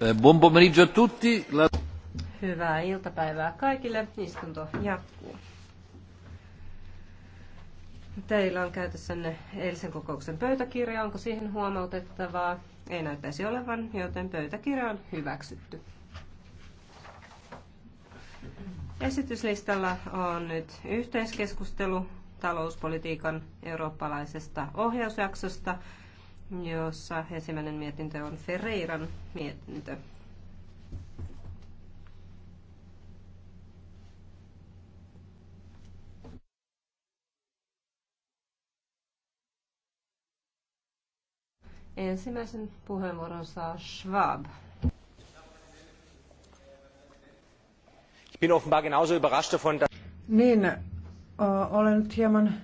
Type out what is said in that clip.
Eh, buon pomeriggio a tutti. Hyvää iltapäivää kaikille. Istunto jatkuu. Teillä on käytössänne eilisen kokouksen pöytäkirja. Onko siihen huomautettavaa? Ei näyttäisi olevan, joten pöytäkirja on hyväksytty. Esityslistalla on nyt yhteiskeskustelu talouspolitiikan eurooppalaisesta ohjausjaksosta, jossa ensimmäinen mietintö on Ferreiran mietintö. Ensimmäisen puheenvuoron saa Schwab. Ich bin offenbar genauso überrascht davon, dass... Niin, olen nyt hieman